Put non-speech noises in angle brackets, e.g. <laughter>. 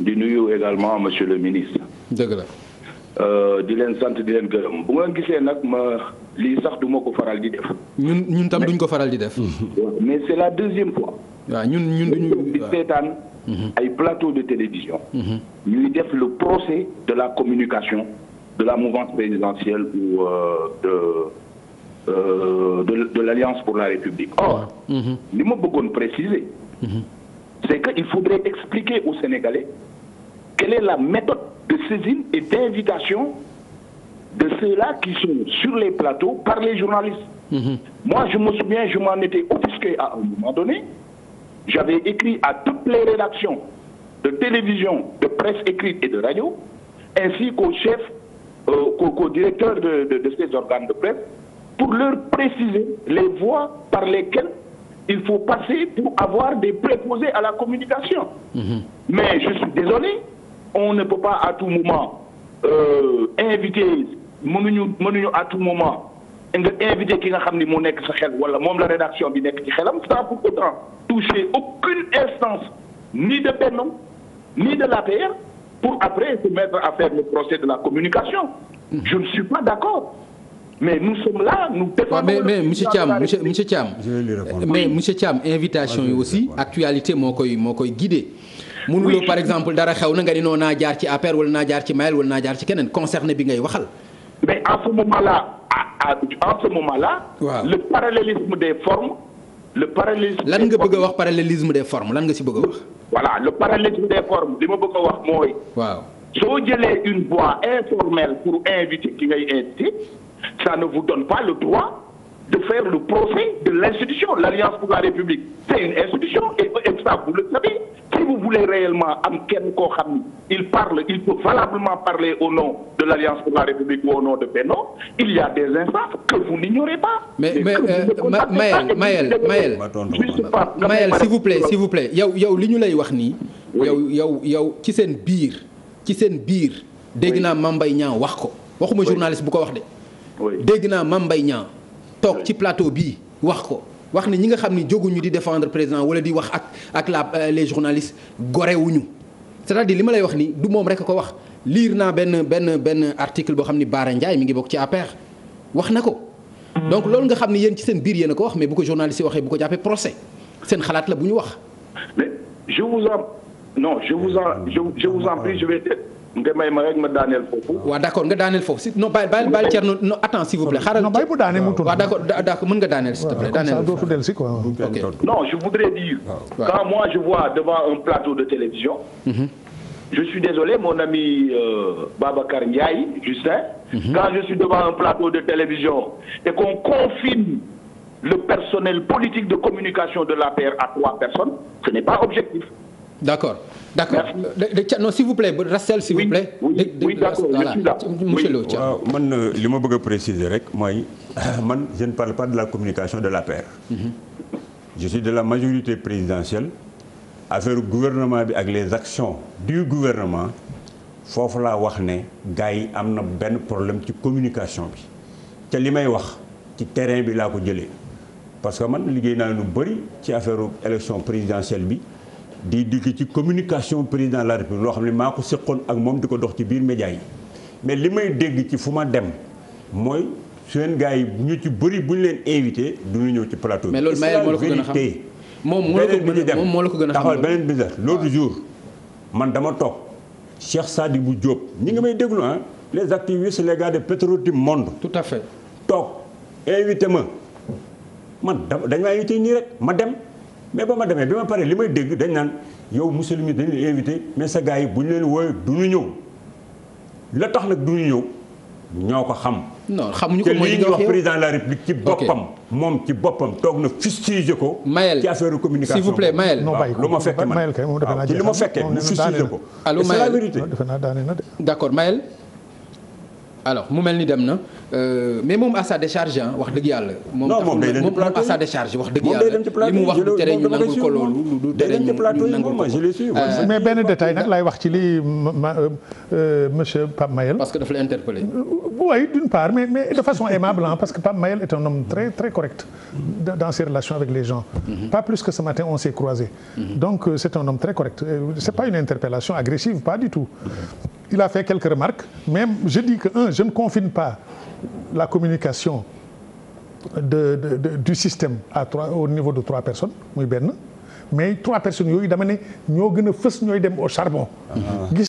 di nuyu également monsieur le ministre. dëgg euh, di leen sant di leen gërëm bu ngeen gisee nag ma lii sax du ma ko faral di def. ñun ñun tam duñ ko faral di def. <laughs> mais c'est la deuxième fois. waaw ñun ñun duñu di seetaan. ay plateau de télévision. Mm-hmm. ñuy def le procès de la communication de la mouvance présidentielle ou euh, euh, de. de l'Alliance pour la République. or mm-hmm. li ma bëggoon préciser. Mm-hmm. c'est qu'il faudrait expliquer aux Sénégalais quelle est la méthode de saisine et d'invitation de ceux-là qui sont sur les plateaux par les journalistes. Mmh. Moi, je me souviens, je m'en étais offusqué à un moment donné. J'avais écrit à toutes les rédactions de télévision, de presse écrite et de radio, ainsi qu'au chef, euh, qu'au qu directeur de, de, de ces organes de presse, pour leur préciser les voies par lesquelles il faut passer pour avoir des préposés à la communication. Mmh. Mais je suis désolé, on ne peut pas à tout moment euh, inviter mënuñu mënuñu à tout moment nga invité ki nga xam ni moo nekk sa xel wala moom la rédaction bi nekk ci xelam sans pour autant toucher aucune instance ni de Benno ni de l'APR pour après se mettre à faire le procès de la communication. Mmh. Je ne suis pas d'accord. mais nous sommes là nous défendons. Ouais, mais mais monsieur Thiam monsieur monsieur mais monsieur Thiam invitation yi aussi actualité moo koy moo koy guidé. mënuloo par exemple dara xew na nga ni noo naa jaar ci APR wala naa jaar ci Mayel wala naa jaar ci keneen concerné bi ngay waxal. mais en la moment là en ce moment là. waaw le parallélisme des formes. lan nga bëgg wax parallélisme des forme lan nga si bëgg a wax. voilà le parallélisme des formes li ma bëgg a wax mooy. waaw soo jëlee une voie informelle ça ne vous donne pas le droit de faire le procès de l'institution l'Alliance pour la République c'est une institution et, vous le voulez réellement am kenn koo xam ni il parle il peut valablement parler au nom de l'Alliance pour la République ou au nom de Benno il y a des instances que vous n'ignorez pas mais mais Mayel Mayel Mayel Mayel s'il vous plaît s'il vous plaît yaw yow li ñu lay wax nii yow yow ci seen biir ci seen biir dégg naa Mame Mbaye Niang wax ko waxuma journaliste bu ko wax de dégg naa Mame mbay ñaa toog ci plateau bi wax ko wax ne ñi nga xam ne jóguñu di défendre président wala di wax ak ak la euh, les journalistes gorewuñu c'est-à-dire li ma lay wax ni du moom rek ko wax liir naa benn benn benn article boo xam ni Baara Ndiaye mi ngi bokk ci APR wax na ko. donc loolu nga xam ne yéen ci seen biir yéen a ko wax mais bu ko journaliste yi waxee bu ko jàppee procès seen xalaat la bu ñu wax. mais je vous en non je vous en je, vous en nga may ma rek ma daaneel foofu. waaw d' accord nga daaneel foofu non bàyyi bàyyi bàyyi Thierno non attends s'il vous plaît. xaaral non bàyyi d' accord d' accord mën nga daaneel s'il te plaît. daaneel waaw dootu dellu si non je voudrais dire. Ah. quand moi je vois devant un plateau de télévision. Mm-hmm. je suis désolé mon ami euh, Babacar Ndiaye Justin. Mm-hmm. quand je suis devant un plateau de télévision et qu'on confine le personnel politique de communication de l'APR à trois personnes ce n'est pas objectif. d' accord d' accord euh, non s' il vous plaît Rastel s' il vous plaît. oui oui d' accord man euh, li ma bëgg a préciser rek mooy <coughs> man je ne parle pas de la communication de l'APR. Mhm. je suis de la majorité présidentielle affaire gouvernement bi ak les actions du gouvernement foofu laa wax ne gars yi am na benn problème ci communication bi te li may wax ci terrain bi laa ko jëlee parce que man liggéey naa lu bëri ci affaire élection présidentielle bi. di digg ci communication président la république loo xam ne maa ko seqoon ak moom di ko dox ci biir média yi mais li may dégg ci fu ma dem mooy seen gars yi ñu ci bëri bu ñu leen invité du ñu ñëw ci plateau bi. mais loolu Mayel moo la ko gën a xam moom moo la ko gën a xam beneen bi l'autre ah. jour man dama toog Cheikh bu Diop ñi ngi may déglu ah les activités les gars de pétrole du monde. tout à fait toog invité ma man dañ maa invité nii rek ma dem. mais ba ma demee bi ma paree li may dégg dañ naan yow musulmi dañ invité mais sa gars yi bu ñu leen wooyee du ñu ñëw la tax nag du ñu ñëw ñoo ko xam. non xamuñu ko mooy li wax président la république ci boppam. moom ci boppam toog na fustige ko. Mayel ci affaire communication s'il vous plaît Mayel. lu ma fekkee man waaw ci ma fekkee mu fustige ko. allo Mayel d'accord Mayel. alors mu mel ni dem na euh, mais moom à sa décharge wax dëgg yàlla. moom moom à sa décharge wax dëgg yàlla. li mu wax du tere ñu nangul ko loolu. du tere ñu euh, mais benn détail nag laay wax ci lii ma euh, monsieur Pape Mayel. parce que daf la interpellé. oui d'une part mais de façon aimable hein, parce que Pape Mayel est un homme très très correct dans ses relations avec les gens. Mhm. pas plus que ce matin on s'est croisés. Mhm. donc euh, c'est un homme très correct euh, c'est pas une interpellation agressive pas du tout. il a fait quelques remarques même je dis que un je ne confine pas la communication. De, de, de du système à trois au niveau de trois personnes muy benn mais trois personnes yooyu dama ne ñoo gën a fës ñooy dem au charbon. Ah.